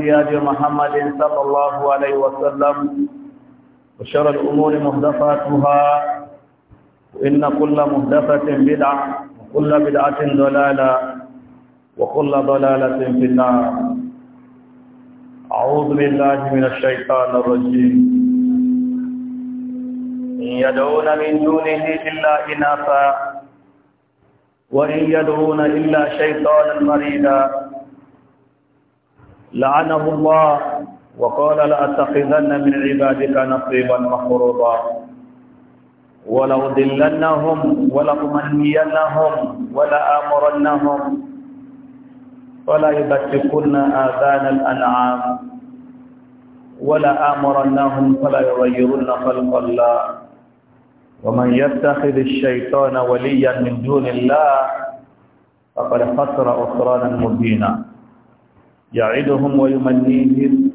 هدي محمد صلى الله عليه وسلم وشر الأمور مهدفاتها وإن كل مهدفة بدعة وكل بدعة ضلالة وكل ضلالة في النار أعوذ بالله من الشيطان الرجيم إن يدعون من دونه إلا إناثا وإن يدعون إلا شيطانا مريدا لعنه الله وقال لأتخذن من عبادك نصيبا مفروضا ولأضلنهم ولأمنينهم ولآمرنهم ولا يبتكن آذان الأنعام ولا آمرنهم فلا يغيرن خلق الله ومن يتخذ الشيطان وليا من دون الله فقد خسر خسرانا مبينا يعدهم ويمنيهم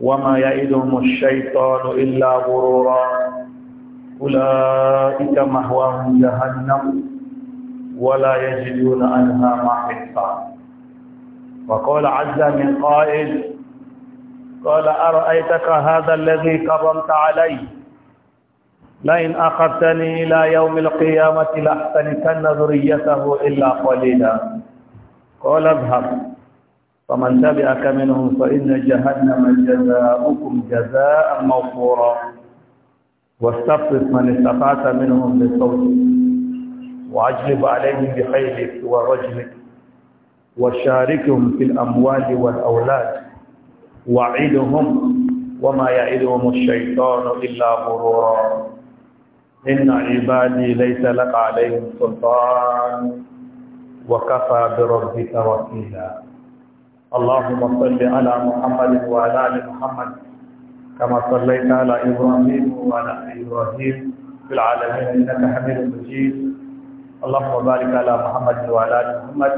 وما يعدهم الشيطان إلا غرورا أولئك مهواهم جهنم ولا يجدون عنها محيطا وقال عز من قائل قال أرأيتك هذا الذي كرمت علي لئن أخذتني إلى يوم القيامة لأحتنكن ذريته إلا قليلا قال اذهب فمن تبعك منهم فإن جهنم جزاؤكم جزاء موفورا واستفصف من استفعت منهم بصوتك وأجلب عليهم بخيلك ورجلك وشاركهم في الأموال والأولاد وعدهم وما يعدهم الشيطان إلا غرورا إن عبادي ليس لك عليهم سلطان وكفى بربك وكيلا اللهم صل على محمد وعلى ال محمد كما صليت على ابراهيم وعلى ال ابراهيم في العالمين انك حميد مجيد اللهم بارك على محمد وعلى ال محمد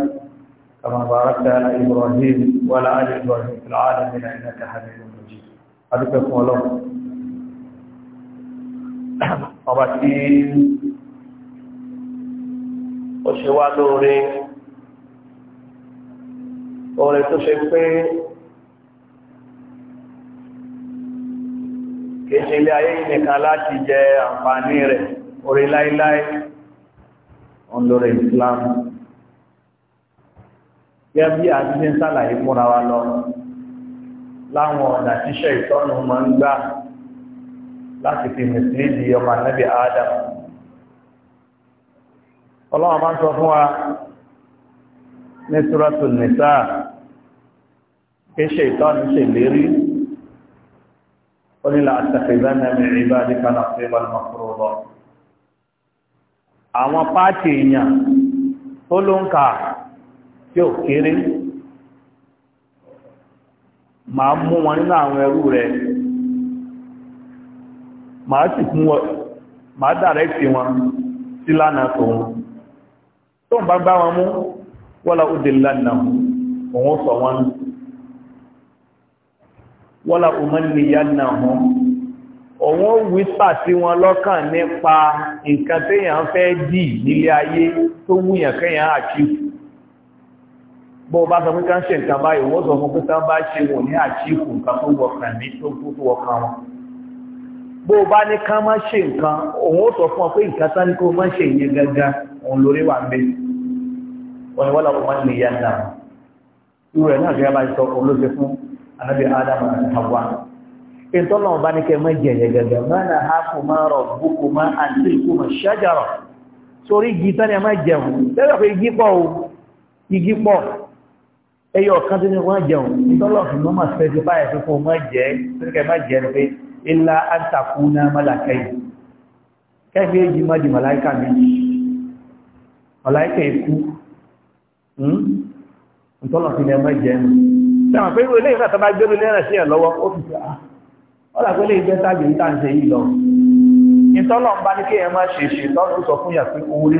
كما باركت على ابراهيم وعلى ال ابراهيم في العالمين انك حميد مجيد ادعوكم الله ọba tí ó ṣe wá lóore ọ̀rẹ́ tó ṣe pé kéṣe ilé ayé nìkan láti jẹ àǹfààní rẹ̀ orí láíláí Islam gẹ́ bí a ti ń sàlàyé fúnra wa lọ láwọn ọ̀nà tíṣẹ́ ìtọ́nù máa ń gbà láti fi mùsùlùmí ọmọ anábì Adam ọlọ́wọ́n máa ń sọ fún ní Suratul Nisa kéṣe ìtọ́ni ṣe lérí ó ní la'attakhidhanna min ibadika nasiban mafruḍa àwọn pàtì èèyàn tó ló ń kà tí ó kéré màá mú wọn nínú àwọn ẹrú rẹ̀ màá sì fún wọn màá dàrẹ́kì sí lánàá tòun tó ń bá gbá wọn mú Wala ó dìlá náà òun sọ wọn wọ́la ó mọ́ níyà náà hàn òun ó wípà sí wọn lọ́kàn nípa nǹkan téèyàn fẹ́ dì nílé ayé tó wúyàn kéèyàn àchífù bọ́ bá sọ pé ká ń ṣe nǹkan báyìí wọ́n sọ fún pé ká bá ṣe wò ní àchífù nǹkan tó wọ̀kàn ní tó tó wọ̀kàn wọn bó bá ní ká má ṣe nǹkan òun ó sọ fún ọ pé nǹkan tá kó má ṣe ìyẹn gangan òun lórí wà ń wọ́n ni wọ́n làwọn máa ń lè yá náà irú rẹ̀ náà fi yára sọ olóṣè fún anábì ádámù àti hawa ìtọ́nà ọba ní kẹ́ mẹ́jẹ gẹ́gẹ́ mẹ́rin àákù máa rọ̀ búkú máa àti ìkú máa ṣájàrọ̀ sórí igi tán ni a máa jẹun lẹ́yìn pé igi pọ̀ o igi pọ̀ ẹyọ ọ̀kan tó ní wọ́n jẹun ìtọ́nà ọ̀fìn ló máa fẹ́ fipá ẹ̀ fífún máa jẹ́ ikú Hmm? ntọ́nà fi lẹ́mọ́ jẹ́ ẹnu sẹ́wọ̀n pé irú eléyìí náà tọ́ba gbẹ́rú lẹ́rẹ̀ sí ẹ̀ lọ́wọ́ ó fi fi ah, à ọ́là pé lè jẹ́ yìí lọ ń bá ní kí ṣe ṣe sọ fún orí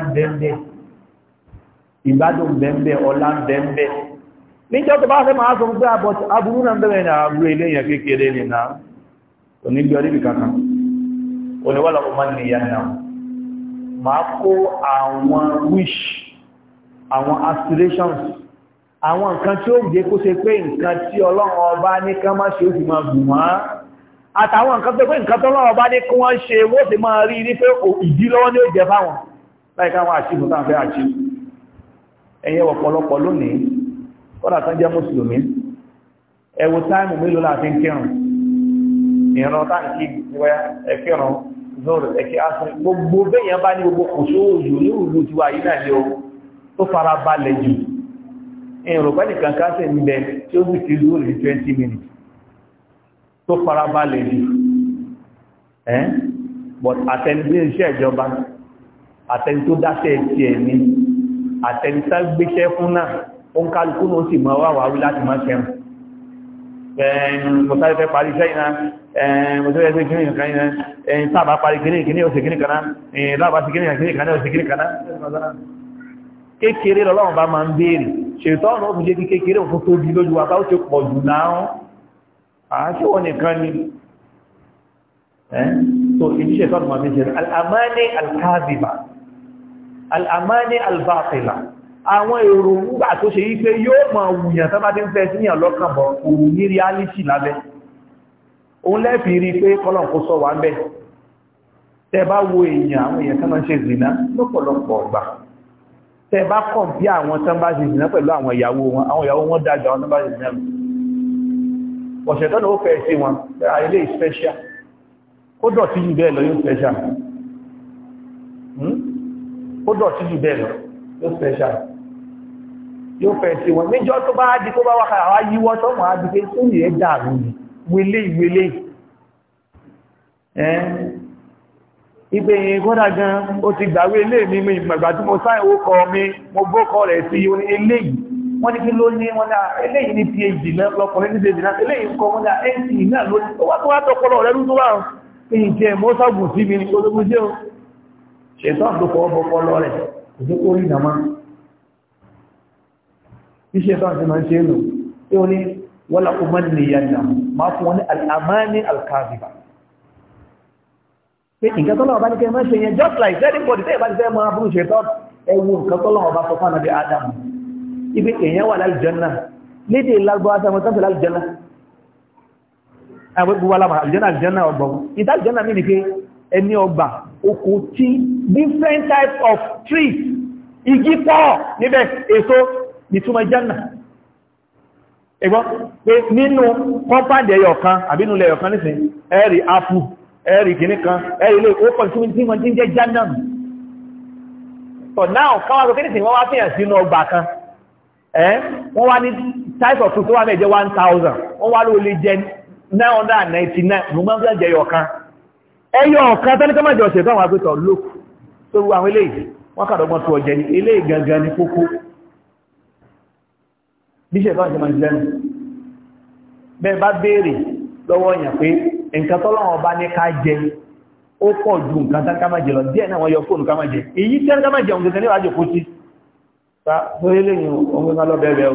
ń ọlá ń níjọ́ tó bá fẹ́ máa sọ pé ah, aburú náà bẹ̀rẹ̀ ní kékeré ní náà kankan náà kó àwọn aspirations àwọn nǹkan tí ó gbé kó ṣe pé nǹkan tí ọlọ́run ọba ní kán má ṣe ó fi máa gùn wá àtàwọn nǹkan tó pé nǹkan tó ọlọ́run ọba ní kí wọ́n ṣe wó sì máa rí ní pé ìdí lọ́wọ́ ní ó jẹ fáwọn láìka àwọn àṣìkò tàà fẹ́ àṣì ẹ̀yẹ ọ̀pọ̀lọpọ̀ lónìí kọ́dà tán jẹ́ mùsùlùmí ẹ táìmù mélòó láti kírun ìran táǹkì ẹ̀kírun zoro ẹ̀kí asùn gbogbo bẹ́yàn bá ní gbogbo kòṣó òyò ní ìlú tiwa yìí náà ní ohun tó fara balẹ̀ jù ìrùpẹ́lì kankan sẹ̀ ń bẹ tí ó sì ti lú rí 20 minutes tó fara balẹ̀ jù ẹ́n but àtẹni iṣẹ́ ìjọba àtẹni tó dáṣẹ́ ti ẹ̀ ní àtẹni tá gbéṣẹ́ fún náà ó ń kálukú ló sì mọ́ wà wáwí láti má ṣẹ́rùn mo sáré fẹ́ parí iṣẹ́ ìná mo sáré fẹ́ kíní ìkan ìná sábà parí kíní ìkíní òsì kíní kaná lábàá sí kíní ìkíní ìkaná òsì kíní kaná kékeré lọ́lọ́run bá máa ń béèrè ṣètọ́nù òfin jẹ́ kí kékeré òfin tó bí lójú wa bá ó ti pọ̀ jù láàrún àáṣíwọ̀ nìkan ni so ìdí ṣètọ́nù máa fi ṣe al'amáni alkaziba al'amáni albatila àwọn èrò ńgbà tó ṣe yí pé yóò máa wùyàn tó bá ti ń fẹ́ sí yàn lọ́kàn bọ̀ òun ní reality lábẹ́ òun lẹ́fì rí pé kọ́lọ̀n kó sọ wà ń bẹ̀ tẹ bá wo èèyàn àwọn èèyàn kan ṣe zìnà lọ́pọ̀lọpọ̀ ọgbà tẹ bá kọ̀ bí àwọn tán ìsìnà pẹ̀lú àwọn ìyàwó wọn àwọn ìyàwó wọn dájọ àwọn tán bá ṣe ìsìnà tọ́nà ó fẹ́ sí wọn tẹ́ra ilé ìspẹ́ṣíà ó dọ̀tí jù bẹ́ẹ̀ lọ yóò spẹ́ṣíà hmm? yóò fẹ́ sí wọn níjọ́ tó bá di tó bá wà kàrà yíwọ́ tó á di pé sóyè dàrú wele ìwele ìgbé yìí kọ́dà gan o ti gbàwé ilé mi mi ìgbàgbà tí mo sáì ó kọ mi mo gbókọ rẹ̀ sí oní ilé yìí wọ́n ní kí ló ní wọ́n ah, náà ilé yìí ní phd náà lọ́kùnrin ní phd ah, náà ilé yìí kọ wọ́n náà nc e náà ló wá tó wá tọpọlọ rẹ̀ lóṣù wá pé nǹkan tọ́lọ́wọ́ bá ní kẹ́ mẹ́ṣe yẹn just like everybody. tẹ́ ìbá ti fẹ́ mọ́ abúrú ṣe tọ́ ẹwu nǹkan tọ́lọ́wọ́ bá sọ fún ànábì Adam ibi èèyàn wà lálùjànnà lédè lágbọ́ aṣọ tó ń fi lálùjànnà àwọn gbogbo alámà àlùjànnà àlùjànnà ọgbọ̀n ìta àlùjànnà mi ni pé ẹni ọgbà oko tí different types of trees igi pọ̀ níbẹ̀ èso ìtumọ̀ jẹ́nà ẹgbọ́n pé nínú kọ́pàdé ẹyọ kan àbínú lẹ́yọ kan nísìn ẹ̀rì apple ẹ̀rì kìíní kan ẹ̀rì ilé ó pọ̀ tí wọ́n ti ń jẹ́ jannam but now káwọn akọ̀kẹ́ nìsín wọ́n wá fìyàn sínú ọgbà kan wọ́n wá ní type of food tó wà one thousand wọ́n wá ló lè jẹ nine hundred ninety nine mo máa ń fẹ́ jẹ ẹyọ̀kan ẹyọ̀kan àwọn agbẹ́tọ̀ ló tó ru àwọn eléyìí wọ́n tó ní ní kókó bí àjẹmọ̀ ìlẹ́nu bẹ́ẹ̀ bá béèrè lọ́wọ́ pé nǹkan tọ́lọ́wọ́ bá ní ká jẹ ó pọ̀ ju nǹkan tán ká má jẹ lọ díẹ̀ náà wọ́n yọ fóònù ká má jẹ èyí tí ká má jẹ òǹkẹ̀kẹ́ ní wájú kó sí ta sórí lẹ́yìn òun ká lọ bẹ̀rẹ̀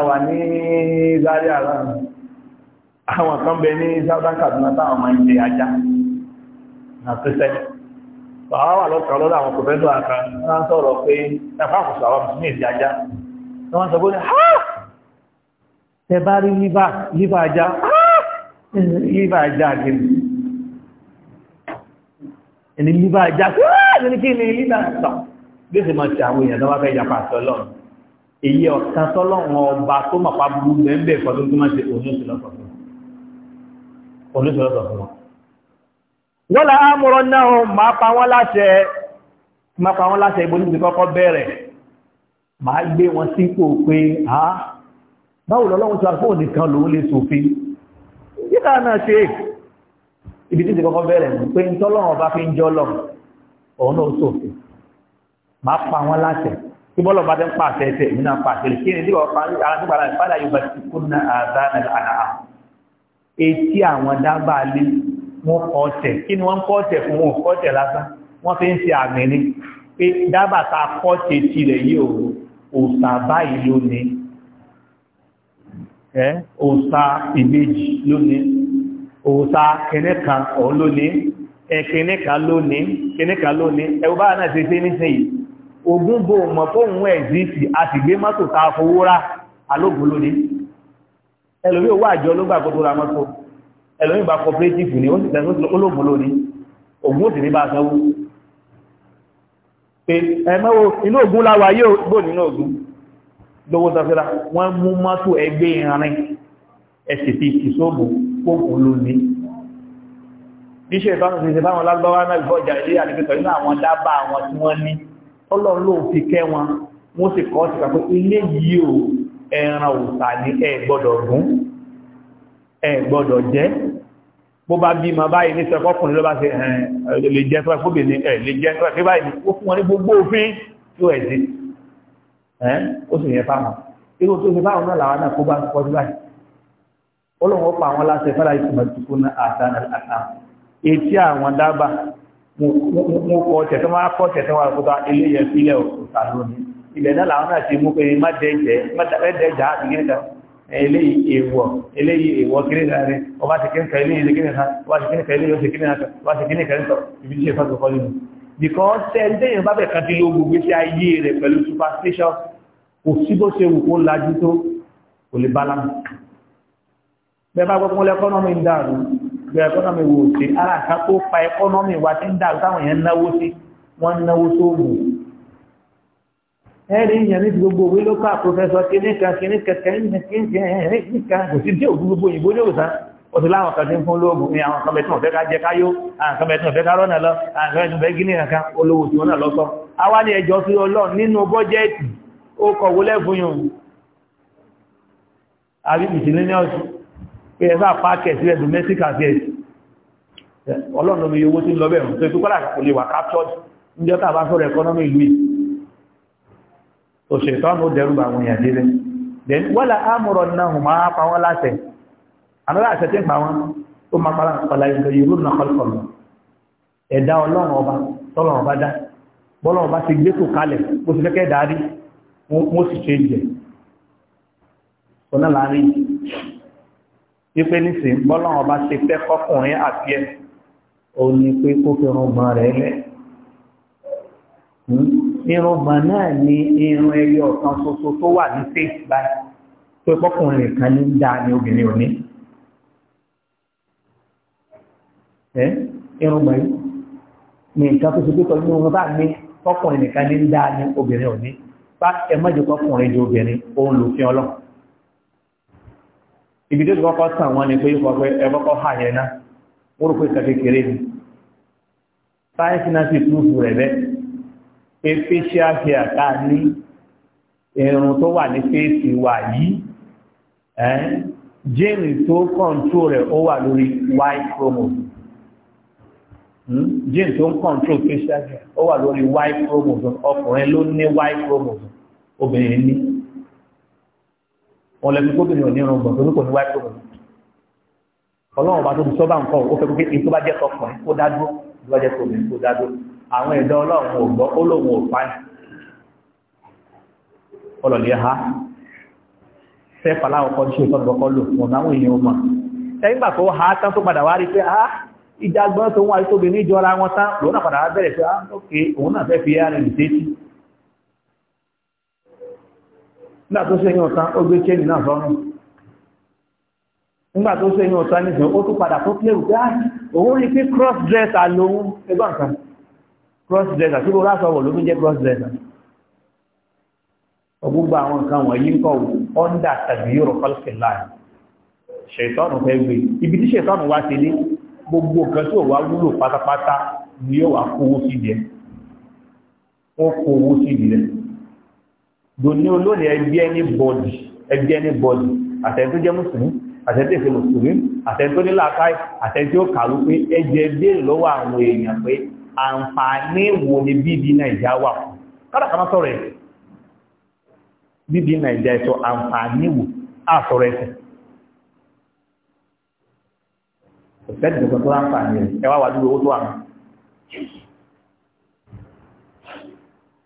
ọ Zaria àrà àwọn kan bẹ ní Southern Kaduna táwọn máa ń jẹ ajá àtúnṣe bàbá wà lọ́kàn lọ́dọ̀ àwọn kòfẹ́dọ̀ àkà ń sọ̀rọ̀ pé ẹ̀fà kò wọ́n sọ pé ní ha tẹ bá rí líbà ajá ah! líbà ajá gẹ̀rẹ̀ ẹni líbà ajá ní kí ni líbà ah! ajá bí ó sì máa ti àwọn èèyàn tó bá fẹ́ yapa sọlọ́run èyí ọ̀kan sọlọ́run ọba tó mà pa burú mẹ́ńbẹ̀ fọdú tó máa ṣe oníṣẹ́lọ́sọ̀ fún wọn. wọ́n la ámúrọ̀ náà máa pa wọ́n láṣẹ máa pa wọ́n láṣẹ ìbò níbi kọ́kọ́ bẹ̀rẹ̀ máa gbé wọn sípò pé ah báwo lọ́lọ́wọ́ tí a fóòn nìkan lòun lè sòfin yíká náà ṣe ibi tí ti kọ́kọ́ bẹ̀rẹ̀ mú pé ń tọ́lọ́run bá fi ń jọ́ lọ òun náà sòfin máa pa wọn láṣẹ tí bọ́lọ̀ bá dé ń pa àṣẹ ẹsẹ̀ ìmúná pa àṣẹ rẹ̀ kí ni díwọ̀ pa ara tó padà ìpadà yóò bá ti kú ní àdáná àdáhà etí àwọn dábàá lé wọn kọ ọ̀tẹ̀ kí ni wọ́n kọ́ ọ̀tẹ̀ fún wọn kọ́ ọ̀tẹ̀ lásán wọ́n fi ń ṣe àmì ni pé dábàá ta kọ́ ọ̀tẹ̀ tirẹ̀ yìí ò òòsàn báyìí lónìí òòsà ìbejì lónìí òòsà kẹnẹ́kan ọ̀ lónìí ẹ̀kẹnẹ́kan lónìí kẹnẹ́kan lónìí ẹwọ́ bá náà ṣe ṣe nísìnyí ogún bò mọ̀ fóhun ẹ̀zìtì a sì gbé mọ́tò ta fowó rà alógun lónìí ẹlòmí owó àjọ ló gbà kótó ra mọ́tò ẹlòmí bá cooperative ni ó sì tẹ̀sán ológun lónìí ògún lọ́wọ́ tafẹ́ra wọ́n mú mọ́tò ẹgbẹ́ ìrìn ẹ̀sì ti ìṣòbò kókùn ló ní iṣẹ́ ìtọ́nà ti ṣe fáwọn lágbọ́wá náà ìfọ́jà ilé àdìpẹ́tọ̀ inú àwọn dábà àwọn tí wọ́n ní ọlọ́run ló fi kẹ́ wọn wọ́n sì kọ́ sí pàpẹ́ ilé yìí ò ẹran òsà ní ẹ gbọ́dọ̀ gún ẹ gbọ́dọ̀ jẹ bó bá bí ma báyìí ní sẹkọ́kùnrin ló bá ṣe lè jẹ́ fẹ́ fóbìnrin ẹ̀ lè jẹ́ fẹ́ báyìí ó fún wọn ní gbogbo òfin tí ó ẹ̀sìn ẹ́ ó sì yẹ fáwọn irú tó ṣe fáwọn náà làwọn náà kó bá ń kọjú báyìí ọlọ́run ó pa àwọn aláṣẹ fẹ́ra ìtumọ̀ tuntun náà àtàn àtàn etí àwọn dábà mo kọ tẹ̀tẹ̀ wọn kọ tẹ̀tẹ̀ wọn kó bá eléyẹ sílẹ̀ òkúta lónìí ilẹ̀ náà làwọn náà ti mú pé má dẹ́jẹ́ má dẹ́jà àdìgẹ́ta eléyìí èèwọ̀ eléyìí èèwọ̀ kìnnìkan rẹ̀ ọba ti kìnnìkan eléyìí kìnnìkan ọba ti kìnnìkan eléyìí ọ̀sẹ̀ kìnnìkan ọba ti kìnnìkan tọ̀ ibi tí ṣe fásitì kọ́lù because ẹni tẹ́yìn bá bẹ̀ kan ti lo gbogbo sí ayé rẹ̀ pẹ̀lú superstition kò sí bó ṣe wù kó lajú tó kò lè balance bẹ́ẹ̀ bá gbọ́gbọ́n lẹ́kọ́nọ́mì ń dàrú bẹ́ẹ̀ ẹkọ́nọ́mì wò ṣe ara kan tó fa ẹkọ́nọ́mì wa ti ń dàrú táwọn èèyàn náwó sí wọ́n náwó sóògùn ẹ̀rí ìyẹn ní gbogbo òwe ló kọ́ àpòfẹ́sọ kìnnìkan kìnnìkan kìnnìkan kìnnìkan kò sí dé òkú gbogbo òyìnbó ní òòsàn ó ti láwọn kan tí ń fún lóògùn ní àwọn kan bẹ̀tún ọ̀fẹ́ ká jẹ káyó àwọn kan bẹ̀tún ọ̀fẹ́ ká rọ́nà lọ àwọn kan bẹ̀tún ọ̀fẹ́ gíní nǹkan olówó tí wọ́n náà lọ́sọ́ a wá ní ẹjọ́ sí ọlọ́run nínú bọ́jẹ́ẹ̀tì ó kọ̀wó lẹ́fún yóò àbí miscellaneous pé ẹ̀sà pàákẹ̀ sílẹ̀ domestic affairs ọlọ́run omi owó tí ń lọ bẹ̀rùn tó ìpínlẹ̀ kò lè wà captured ní ọta bá sọ̀rọ̀ economy ìlú òṣètọ́ ní ó dẹrù àwọn èèyàn dé rẹ̀ wọ́lá àmúrọ̀ náà hùn máa pa wọ́n láṣẹ àmúrà àṣẹ tí ń pa wọ́n ó máa pàlá pàlá ìlú yorùbá náà kọlùkọlù ẹ̀dá ọlọ́run ọba tọ́lọ́run ọba dá bọ́lọ́run ọba ti gbé tò kalẹ̀ bó ti fẹ́kẹ́ dárí wọ́n sì ṣe jẹ̀ ọ̀nà láàrin wípé nísìn bọ́lọ́wọ́ bá ṣe fẹ́ kọkùnrin àti ẹ̀ o ní pé kó fi rọgbọ̀n rẹ̀ lẹ̀ hmm? irùngbọ̀n náà ni irun ẹyọ kan ṣoṣo tó wà ní fèsì báyìí pé kọkùnrin nìkan ní dáa ni obìnrin ò ní irùngbọ̀n yìí ní nǹkan tó ṣe pé tọ́jú irun bá ní kọkùnrin nìkan ní dáa ni obìnrin ò pa ẹmọ́jùkọ́ kùnrin ju obìnrin òun lò fi ọlọ́ ibi tó kọ́kọ́ sàn wọ́n ni pé yóò kọ́ pé ẹkọ́kọ́ hà yẹn náà wọ́n rò pé ìka kékeré ni sáyẹ́nsì náà sì túùfù rẹ̀ bẹ́ẹ̀ pé facial hair ká ní irun tó wà ní fèsì wà yìí jẹ́ẹ̀nì tó kọ̀ǹtró rẹ̀ ó wà lórí y chromosome hmm? gene tó ń control facial hair ó wà lórí y chromosome ọkùnrin ló ní y chromosome obìnrin ní wọn lẹ́nu gómìnà ní ọ̀rọ̀ gbọ̀ngàn oníkò ní wáyé tó wọn ọlọ́run bá tó fi sọ́bà nǹkan ó fẹ́ pé èyí tó bá jẹ́ tọkùnrin kó dádó tó bá jẹ́ tọkùnrin kó dádó àwọn ẹ̀dá ọlọ́run ò gbọ́ ó lóun ò pa ọlọ́lẹ̀ ha fẹ́ fàláwọn kọ́ ṣe ìtọ́jú ọkọ lò fún àwọn èèyàn mọ̀ ẹ̀yìn gbà tó ha tán tó padà wá rí pé ah ìjà gbọ́n tó wọn àti tóbi níjọra wọn tán lòun náà padà wá bẹ̀rẹ̀ pé ah ok òun náà fẹ́ fi ẹ̀rìn nígbà tó ṣe yín ọ̀tá ó gbé chain náà sọ́rùn nígbà tó ṣe yín ọ̀tá nìkan ó tún padà tó clear pé ah, òun rí pé cross dresser lòun ẹgbọ́n kan cross dresser tí mo rà sọ̀wọ̀ ló fi jẹ́ cross dresser gbogbo àwọn nǹkan wọ̀nyí ń kọ̀ ọ́ndà tàbí yóò kọ́lùkì láàrín ṣètọ́nù fẹ́ gbé ibi tí ṣètọ́nù wá ti lé gbogbo nǹkan tí ò wá wúlò pátápátá ni yóò wá kówó sí jẹ wọ́n kówó sí jẹ dòní olóòní ẹgbẹ́ ẹni bọ́ọ̀dì ẹgbẹ́ ẹni bọ́ọ̀dì àtẹ́ntó jẹ́ mùsùlùmí àtẹ́ntó ìfẹ́ mùsùlùmí àtẹ́ntó nílàákàí àtẹ́ntó kàrú pé ẹjẹ́ béèrè lọ́wọ́ àwọn èèyàn pé àǹfààní wo ni bíbí nàìjíríà wà fún kádàkàmá sọ̀rọ̀ ẹ̀ bíbí nàìjíríà sọ àǹfààní wo á sọ̀rọ̀ ẹ̀sẹ̀ òṣèlú tó tó láǹfààní ẹ̀ wá wà dúró owó tó wà mọ́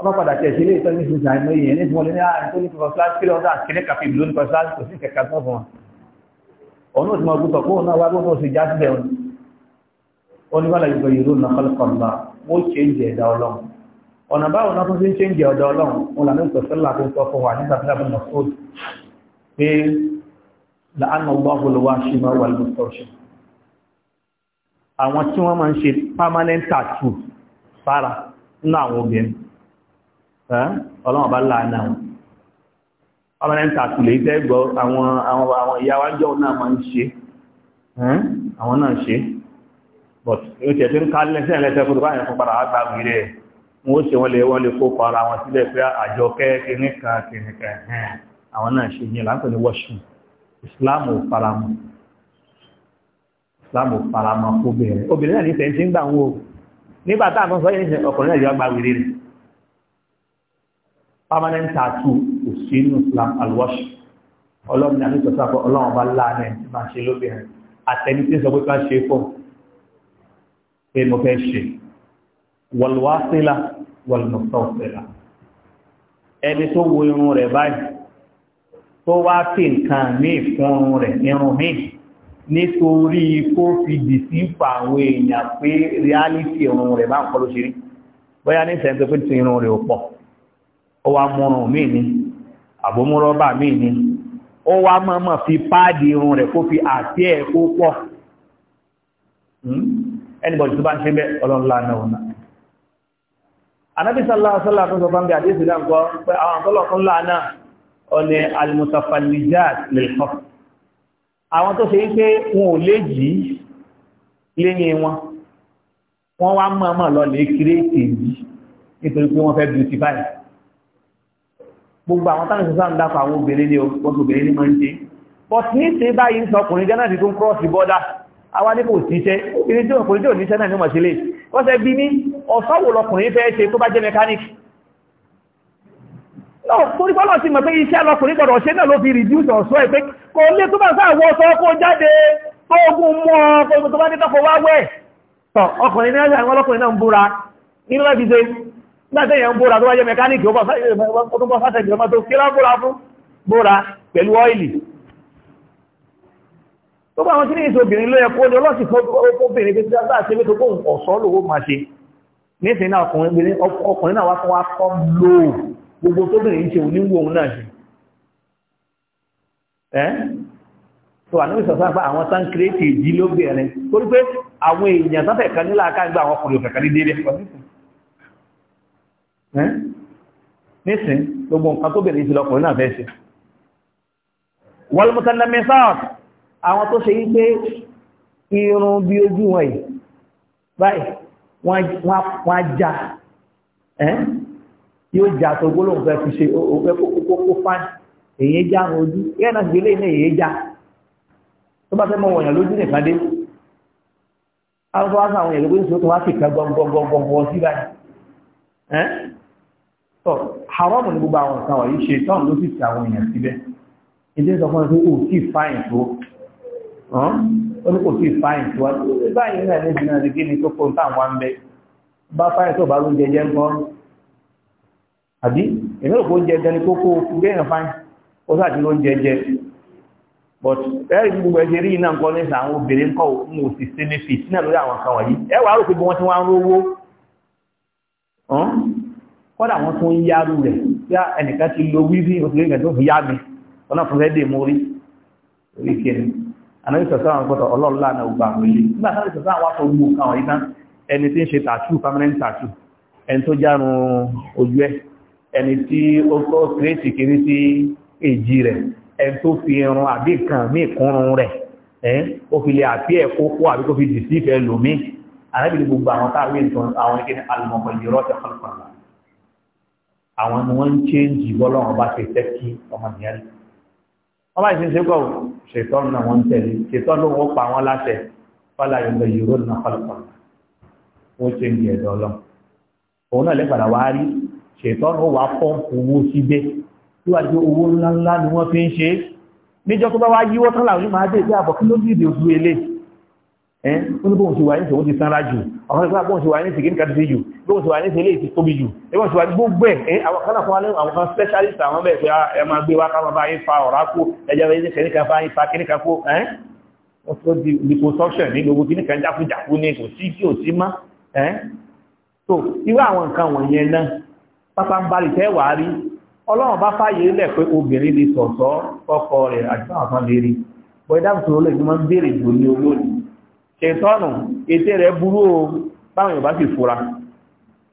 ọba pada tẹ̀ sí ilé ìtọ́ ní ini àìmọ́ èèyàn ní ìfúnwọlé ní àárín tó ní fífọ́ flash kí lọ́dọ̀ àkíní kàfí ìlú ní fọ́flash semua sí kẹ̀kẹ́ tó fún wọn ọ̀nà òsì mọ̀gbútó kó náà wá gbọ́dọ̀ sí já sílẹ̀ wọn ó ní wàlẹ̀ yóò yòrò náà kọ́lùkọ́lùmá ó ṣéǹjì ẹ̀dá ọlọ́run ọ̀nà báwo náà tó fi ń ṣéǹjì ẹ̀dá ọlọ́run ó lànà ìtọ́sílà tó sọ fún wa nígbà tí a bá mọ̀ sóòlù pé làánà ọgbọ́n permanent tattoo sára nínú àwọn obìnrin ọlọ́wọ́n bá láàánà wọn ọmọ náà ń tàkùlẹ̀ ìtẹ́ gbọ́ àwọn àwọn ìyàwó àjọ náà máa ń ṣe àwọn náà ṣe but yóò tẹ̀ tí ń ká lẹ́sẹ̀ lẹ́sẹ̀ kó tó báyìí fún padà àgbà wílé ẹ̀ wọ́n ṣe wọ́n lè wọ́n lè kópa ara wọn sílẹ̀ pé àjọ kẹ́ẹ̀kiri kan kiri kan àwọn náà ṣe yẹn láńpẹ́ ní wọ́ṣù Islam ò faramọ́ Islam ò faramọ́ obìnrin obìnrin permanent tattoo kò sí inú Islam alwash ọlọ́run ní àlejò sáfọ́ ọlọ́run bá láàánú ẹ̀ máa ṣe lóbìnrin àtẹni tí ń sọ pé ká ṣe fún pé mo fẹ́ ṣe wọlùwásílà wọlùmọ̀tọ́sílà ẹni tó wo irun rẹ̀ báyìí tó wá fi nǹkan míì fún irun rẹ̀ irun míì nítorí kó fi dìsífà àwọn èèyàn pé reality irun rẹ̀ bá ń kọ́ ló ṣe rí bóyá ní sẹ́ńtẹ́ pé tí irun rẹ̀ ò pọ̀ ó wá múrùn míì ni àbómúrọ́bà míì ni ó wá mọ́mọ́ fi páàdì irun rẹ̀ kó fi àti ẹ̀ kó pọ̀ hmm? anybody tó bá ń ṣe bẹ́ ọlọ́nlá náà náà anábì sallallahu alaihi wasallam tó sọ bá ń bẹ àdéhùn náà gbọ́ àwọn al-mutafallijat lil-khaf àwọn tó ṣe yí pé wọn ò lè jì í lẹ́yìn wọn wọ́n wá mọ̀ọ́mọ̀ lọ lè kírètì yìí nítorí pé wọ́n fẹ́ beautify gbogbo àwọn táwọn ìṣẹ́sá ń dákọ àwọn obìnrin ní ọgbọ̀gbìnrin ní máa ń dé but ní ṣe báyìí ń sọ ọkùnrin jẹ́ náà ti cross border àwa ní kò síṣẹ́ obìnrin tí òkùnrin tí ò níṣẹ́ náà ní mọ̀ sí lè wọ́n ṣe bí ní ọ̀sọ́wò lọkùnrin fẹ́ ṣe tó bá jẹ́ mechanic torí pọ́lọ̀ sí mọ̀ pé iṣẹ́ lọkùnrin gbọ́dọ̀ ṣe náà ló fi reduce ọ̀ṣọ́ ẹ̀ pé kò lè tó bá sáàwọ́ ọ̀ṣọ́ kó jáde tó ogun mọ́ ọkùnrin tó bá ní tọ́kọ̀ wá wẹ̀ tọ̀ ọkùnrin náà àwọn ọlọ́kùnrin náà ń búra nínú láti ṣe láti èyàn bóra tó wáyé mẹkáníkì ọdún bọ́ sátẹ̀bì ọmọ tó kí lá bóra fún bóra pẹ̀lú ọ́ìlì tó bá wọn tí ní ìsọ obìnrin ló yẹ kó ní ọlọ́sì fọ́bìnrin pé tíjá láti ṣe tó kóhùn ọ̀ṣọ́ lówó máa ṣe nísìnyí náà ọkùnrin náà wá fún wa kọ́ lò gbogbo tóbìnrin ṣe oníwò òun náà ṣe ẹ́ tó wà níbi sọ̀sán pé àwọn tán kírètì ìdílóbìnrin torí pé àwọn èèyàn sáfẹ̀ kan nílà ká gbà àwọn ọkùnrin òfẹ̀ ní délé ọdún nísìn gbogbo nǹkan tó bèèrè ìsìlọ ọkùnrin náà fẹ́ sí wọlùmọ̀tànà mẹ́sàn àwọn tó ṣe wípé irun bí ojú wọn yìí báyìí wọ́n á já yóò já tó gbólóhùn fẹ́ fi ṣe òfẹ́ kókó fáìn èyí já àwọn ojú yẹn náà gbélé ní èyí já tó bá fẹ́ mọ wọ̀nyàn lójú nìkan dé àwọn sáwọn èyí ló wá sì kan gbọ̀ngbọ̀ngbọ̀ngbọ̀ sí báyìí tọ́ haramu ní gbogbo àwọn nǹkan wọ̀nyí ṣe tọ́n ló sì ti àwọn èèyàn síbẹ̀ ilé sọ fún ẹ pé kò tí ì fáyìn tó ó ní kò tí ì fáyìn tó báyìí náà níbi náà ní kí tó kó ń táwọn ń bẹ bá fáyìn tó bá ló ń jẹjẹ ń àbí èmi rò pé oúnjẹ jẹ ni kókó gbẹ̀yìn fáyìn ó ti ló ń but ẹ̀rí gbogbo ẹ̀ṣẹ̀ rí iná ní obìnrin kọ́ òun ò sì kọ́dà wọ́n tún ń yárú rẹ̀ yá ẹnìkan ti lo wíbí òṣèlú tó fi yá mi ọ̀nà fún fẹ́ẹ́ dè mú rí orí kiri ànábì sọ̀sọ́ àwọn gbọ́dọ̀ ọlọ́ọ̀lá náà gbà wọlé nígbà táwọn sọ̀sọ́ àwọn aṣọ gbogbo nǹkan wọ̀nyí tán ẹni tí ń ṣe tàtú permanent tàtú ẹni tó járun ojú ẹ ẹni tí ó kọ́ kírètì kiri sí èjì rẹ̀ ẹni tó fi irun àbí kan míì kúnrun àrẹ́bì ní gbogbo àwọn táwí ìtàn àwọn ìkéni alùmọ̀bọ̀lìrọ̀ tẹ fọlùfọ̀lá àwọn ni wọ́n ń chéńjì bọ́lọ́ ọba ṣe fẹ́ kí ọmọ nìyẹn rí wọ́n bá ṣe ń ṣe pọ̀ ṣètọ́n náà wọ́n ń tẹ̀lé ṣètọ́n ló wọ́n pa wọ́n láṣẹ fọlá yọ̀ǹda yòró náà fọlùfọ̀lá ó chéńjì ẹ̀dọ́ lọ òun náà lẹ́gbàdà wá rí ṣètọ́n ó wá pọ́ǹpù owó síbẹ̀ tí wàá di wọ́n fi ń ṣe níjọ́ tó ẹ́ ní bóun ti wà ní ìṣòwò ti sanra jù àwọn ìgbà bóun ti wà ní ìṣègùn kàtí sí jù bóun ti wà ní ìṣèlè ti tóbi jù ẹgbọ́n ti wà ní gbogbo ẹ̀ àwọn kan fún alẹ́ àwọn kan specialist àwọn bẹ́ẹ̀ pé ah, ẹ máa gbé wá ká máa bá yín fa ọ̀rá kó ẹjẹ́ bẹ́ẹ̀ ní kẹ́ríkà bá yín fa kẹ́ríkà kó ẹ́ wọ́n tó di liposuction ní gbogbo kí nìkan jákujàku ní kò sí kí ò sí mọ́ ẹ́ tó irú àwọn nǹkan wọ̀nyẹn náà pápá ń balì tẹ́ wàá rí ọlọ́run bá fàyè lẹ̀ pé obìnrin lè sọ̀tọ̀ ọkọ ṣètọ́nù ètè rẹ̀ burú o báwọn Yorùbá sì fura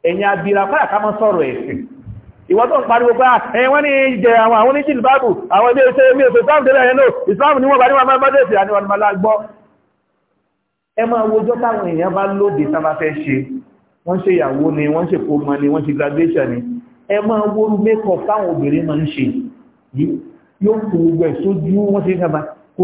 ẹ̀yìn abira kọ́lá ká mọ́ sọ̀rọ̀ ẹ̀sìn ìwọ́n tó ń pariwo pé ẹ̀wọ́n ní ìjẹ àwọn àwọn oníṣìlì báàbù àwọn ilé iṣẹ́ ilé ìṣẹ́ ni wọ́n bá níwọ̀n máa bọ́dẹ̀ sí àníwọ̀n ni máa bá lóde ni wọ́n ṣe kómọ ni wọ́n ṣe graduation ni ẹ máa wóru mẹ́kọ̀ táwọn obìnrin máa ń ṣe yóò kó gbogbo ẹ̀ sójú wọ́n ṣe sábà kò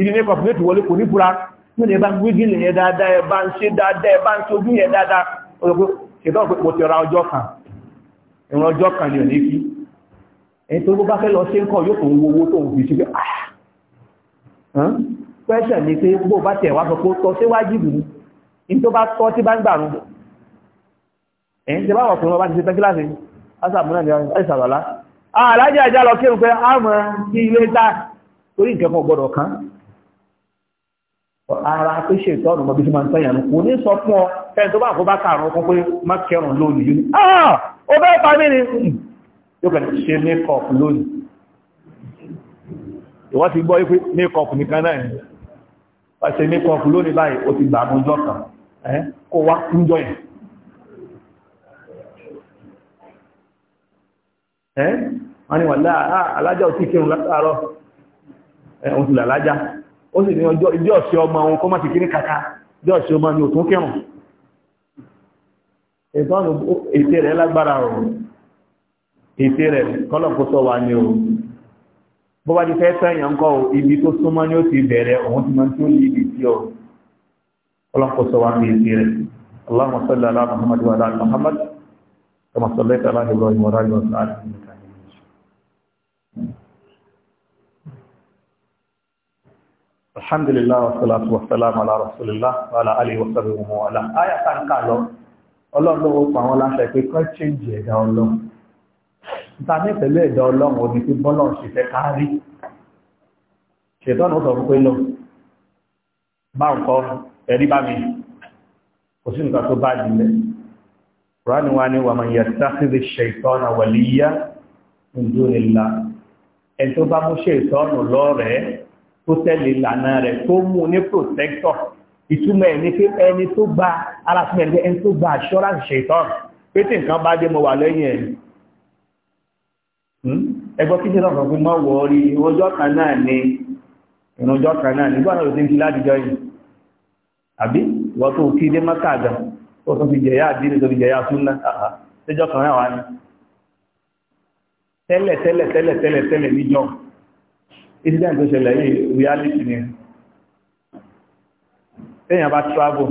ìdí ní kọ̀pù méjì wọlé kò ní fura ní ẹ̀bá ń gbígì lè yẹ dáadáa ẹ̀bá ń ṣe dáadáa ẹ̀bá ń ṣojú yẹ dáadáa olùkó ṣètọ́ pé mo ti ra ọjọ́ kan ìran ọjọ́ kan lè ní kí ẹni tó bá fẹ́ lọ ṣe ń kọ̀ yóò tó ń wo owó tó ń fi ṣe pé ah pẹ́ṣẹ̀ ni pé bó bá tẹ̀ wá sọ pé tọ́ síwájú ìlú ní tó bá tọ́ tí bá ń gbàrún ẹ̀yìn tí bá wọ̀ fún wọn bá ti ṣe tẹ́ pé àmọ́ torí nǹkan kan gbọ́dọ̀ kan ara pé ṣe ìtọ́rùn mọ̀ bí ṣe máa ń tẹ́yàn kò ní sọ fún ọ ẹni tó bá fọ́ bá kààrùn ọkùn pé má kẹrùn lónìí yóò ní àà ah, ó bẹ́ pàmí ní hmm. yóò kẹ̀lẹ̀ ṣe makeup lónìí ìwọ́n ti gbọ́ ipé makeup nìkan náà wá ṣe makeup lónìí báyìí ó ti gbà mọ́jọ́ kan kó wá ń jọ yẹn wọ́n ni wà láàá ah, alájá ò tí kírun látàárọ̀ ẹ̀ ó sì ní ọjọ́ ọ̀ṣẹ́ ọmọ ohun kó má ti kí ní kàkà ọjọ́ ọ̀ṣẹ́ ọmọ ni òtún kẹrùn ìtọ́nù ètè rẹ̀ lágbára ọ̀rọ̀ ètè rẹ̀ kọ́lọ̀kótó wà ní o bó bá ti fẹ́ tẹ́yàn kọ́ ibi tó súnmọ́ ní ó ti bẹ̀rẹ̀ òun ti máa tí ó yí ibi tí Muhammad wa ala Muhammad kama sallaita alhamdulillah wasalatu wasalamu ala rasulillah wa ala alihi wasallam wa ala aya ta ń kà lọ ọlọ́run ló pa àwọn láṣẹ pé kọ́ change ẹ̀dá ọlọ́run níta ní ìpẹ̀lú ẹ̀dá ọlọ́run òní pé bọ́lọ́run ṣe fẹ́ kárí ṣètọ́nù sọ pé lọ bá ń kọ ẹ̀rí bá mi kò sí nǹkan tó bá jùlẹ̀ ránì wá ní wàmọ̀ yattakhidhi ash-shaytana waliyyan min dunillah ẹ̀ tó bá mú ṣètọ́nù lọ́rẹ̀ẹ́ tó tẹ̀lé ìlànà rẹ̀ tó mú ní protector ìtumọ̀ ẹ̀ ní pé ẹni tó gba aláṣẹ ẹni tó gba assurance ṣètọ́n pé tí nǹkan bá dé mo wà lẹ́yìn ẹ̀ hmm? ẹgbọ́n kí ṣe náà fún mọ́ wọ́ rí ọjọ́ kan náà ni ìrùnjọ́ kan náà nígbà náà ló ti ń fi ládìjọ́ yìí àbí wọ́n tó kí dé mọ́ta àgbà ó tó fi jẹ̀yà àdínì tó fi jẹ̀yà súnná àhà tẹ́jọ́ kan náà wá ní tẹ́lẹ̀ tẹ́lẹ̀ tẹ́lẹ̀ tẹ́lẹ̀ tẹ́lẹ̀ níjọ́ incident tó ṣẹlẹ̀ yìí reality ni tẹ́yàn bá travel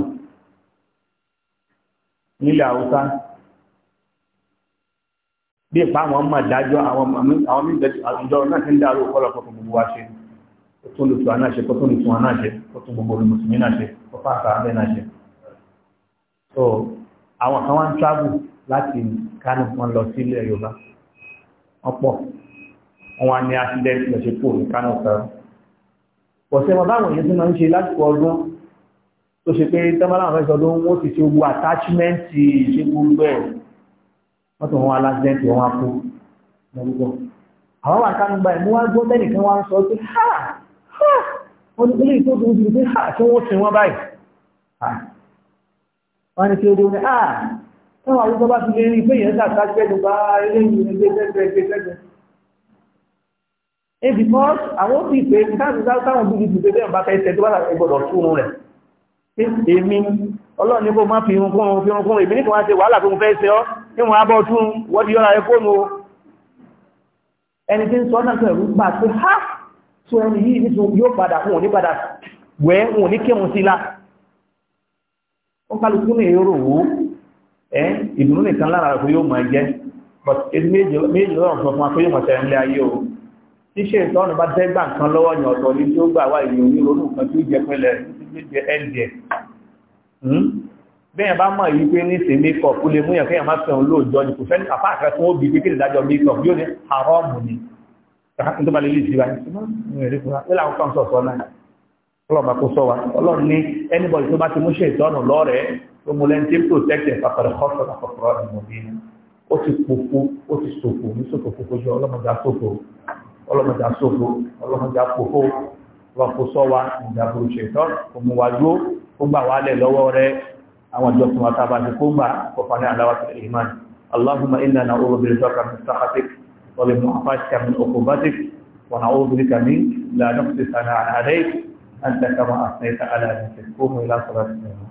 nílẹ̀ Haúsá bí ìpá àwọn ọmọ ìdájọ́ àwọn àjọ náà ti ń dárò kọ́lọ̀kọ́ fún gbogbo wa ṣe tó lùtù anáṣe kó tó lùtù anáṣe kó tó gbogbo olùmùsùn náà ṣe kó fàkà so àwọn kan wá ń travel láti Kánò wọn lọ sílẹ̀ Yorùbá ọ̀pọ̀ wọn ní accident lọ́sẹ̀ kúrò ní kánò sára ọ̀sẹ̀ wọn báwọn èyí tí wọ́n ń ṣe lásìkò ọdún tó ṣe pé tẹ́mọ́lá àwọn fẹ́sọ̀ ọdún wọ́n ti ṣe gbogbo attachment ṣe gbogbo ẹ̀ wọ́n tó wọn aláṣẹ́ntì wọn kú lọ́gbọ́ àwọn wà kánú gba ìmú wá gbọ́ tẹ́nìkan wá ha ha wọ́n ní ilé ha tí wọ́n sin wọ́n báyìí wọ́n ní kí ó dé wọn ni ah táwọn àwùjọ bá ti lè rí pé yẹn sàkájẹ́ Eh, because àwọn òbí pé táwọn bí i pé bẹ́ẹ̀ bá fẹ́ ṣe tó bá láti gbọ́dọ̀ túnrún rẹ̀. Èmi, Ọlọ́run ní kó má fi irun kúrun fi irun kúrun, èmi ní kò wá ṣe wàhálà fún fẹ́ ṣe ọ́, ní wọ́n á bọ́ tún wọ́n di yọ́ra ẹkọ́ nù. Ẹni tí ń sọ náà pẹ̀lú gbà pé ha tó ẹni yìí ní tó yóò padà fún òní padà wẹ́ òní kírun sí la. Ó kálukú ní èrò wò ẹ́ ìdùnnú nìkan lára rẹ̀ yóò mọ̀ ẹ́ jẹ́, tíṣe ìtọ́nù bá dẹ́gbà nǹkan lọ́wọ́ yàn ọ̀tọ̀ ní tí ó gbà wá ìyẹn onírúurú nǹkan tí ó jẹ pẹ́lẹ̀ jẹ ẹ̀dẹ̀ hmm? bẹ́ẹ̀ bá mọ̀ yí pé ní ṣe mékọ̀ kú lè múyàn kéèyàn má fẹ́ràn lóòjọ́ ni kò fẹ́ ní àpá àkẹ́rẹ́ tí wọ́n bí pé ìdájọ́ mékọ̀ yóò ní ni anybody tó bá ti mú ṣe ìtọ́nù lọ́rẹ̀ẹ́ tó mú lẹ́ni tí ń protect ẹ̀ pàpàrẹ̀ kọ́sọ̀ àpapọ̀ ìmọ̀ bí i ó ti pòpò ó ọlọ́mọdé asòfò ọlọ́mọdé apòfò wàkósọ́ wa ìdàbòrò ṣètọ́ òmùwàdó ó gbà wà lẹ̀ lọ́wọ́ rẹ àwọn ìjọ fún wata bá ti kó gbà kọfàní aláwàtí ìmán allahumma inna na oru bil zaka min sakhatik wa bi la nuqsi sana anta kama asnayta ala nafsik qumu